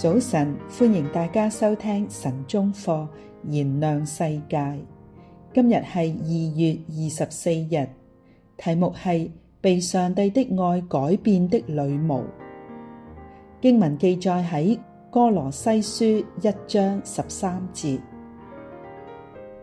早晨，歡迎大家收聽晨鐘課，燃亮世界。今日係二月二十四日，題目係被上帝的愛改變的女巫。經文記載喺歌羅西書一章十三節，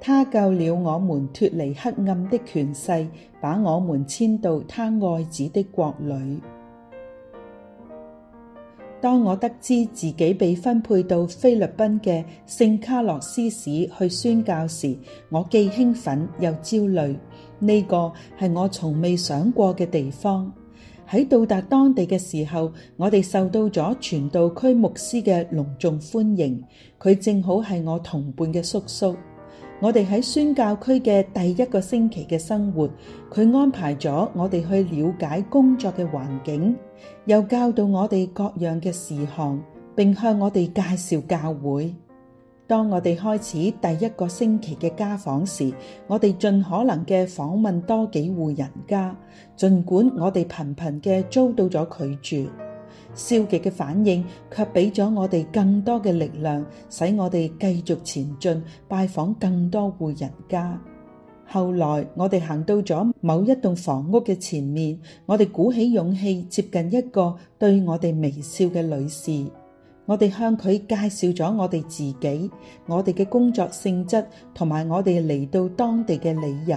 他救了我們脫離黑暗的權勢，把我們遷到他愛子的國裏。當我得知自己被分配到菲律賓嘅聖卡洛斯市去宣教時，我既興奮又焦慮。呢個係我從未想過嘅地方。喺到達當地嘅時候，我哋受到咗傳道區牧師嘅隆重歡迎，佢正好係我同伴嘅叔叔。我哋喺宣教區嘅第一個星期嘅生活，佢安排咗我哋去了解工作嘅環境，又教導我哋各樣嘅事項，並向我哋介紹教會。當我哋開始第一個星期嘅家訪時，我哋盡可能嘅訪問多幾戶人家，盡管我哋頻頻嘅遭到咗拒絕。消極嘅反應，卻俾咗我哋更多嘅力量，使我哋繼續前進，拜訪更多戶人家。後來我哋行到咗某一棟房屋嘅前面，我哋鼓起勇氣接近一個對我哋微笑嘅女士。我哋向佢介紹咗我哋自己，我哋嘅工作性質，同埋我哋嚟到當地嘅理由。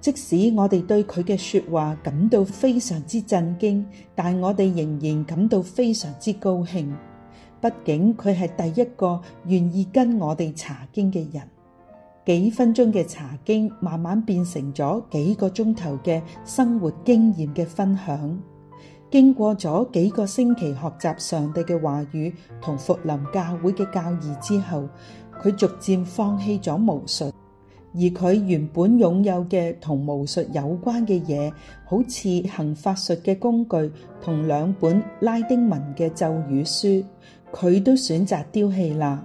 即使我哋對佢嘅說話感到非常之震驚，但我哋仍然感到非常之高興。畢竟佢係第一個願意跟我哋查經嘅人。幾分鐘嘅查經，慢慢變成咗幾個鐘頭嘅生活經驗嘅分享。經過咗幾個星期學習上帝嘅話語同復臨教會嘅教義之後，佢逐漸放棄咗巫術。而佢原本擁有嘅同巫術有關嘅嘢，好似行法術嘅工具同兩本拉丁文嘅咒語書，佢都選擇丟棄啦。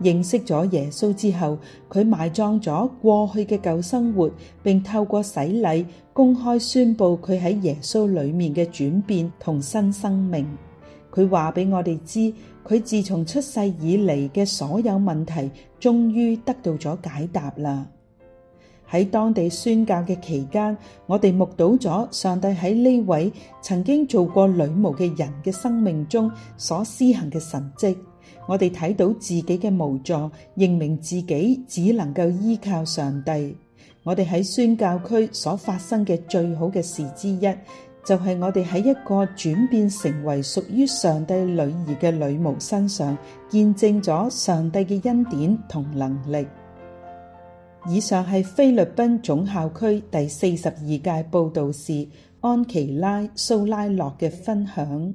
認識咗耶穌之後，佢埋葬咗過去嘅舊生活，並透過洗禮公開宣布佢喺耶穌裏面嘅轉變同新生命。佢話俾我哋知，佢自從出世以嚟嘅所有問題，終於得到咗解答啦。喺當地宣教嘅期間，我哋目睹咗上帝喺呢位曾經做過女巫嘅人嘅生命中所施行嘅神蹟。我哋睇到自己嘅無助，認明自己只能夠依靠上帝。我哋喺宣教區所發生嘅最好嘅事之一，就係我哋喺一個轉變成為屬於上帝女兒嘅女巫身上，見證咗上帝嘅恩典同能力。以上係菲律賓總校區第四十二屆佈道士，安琪拉蘇拉諾嘅分享。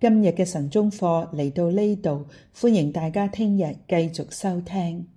今日嘅晨鐘課嚟到呢度，歡迎大家聽日繼續收聽。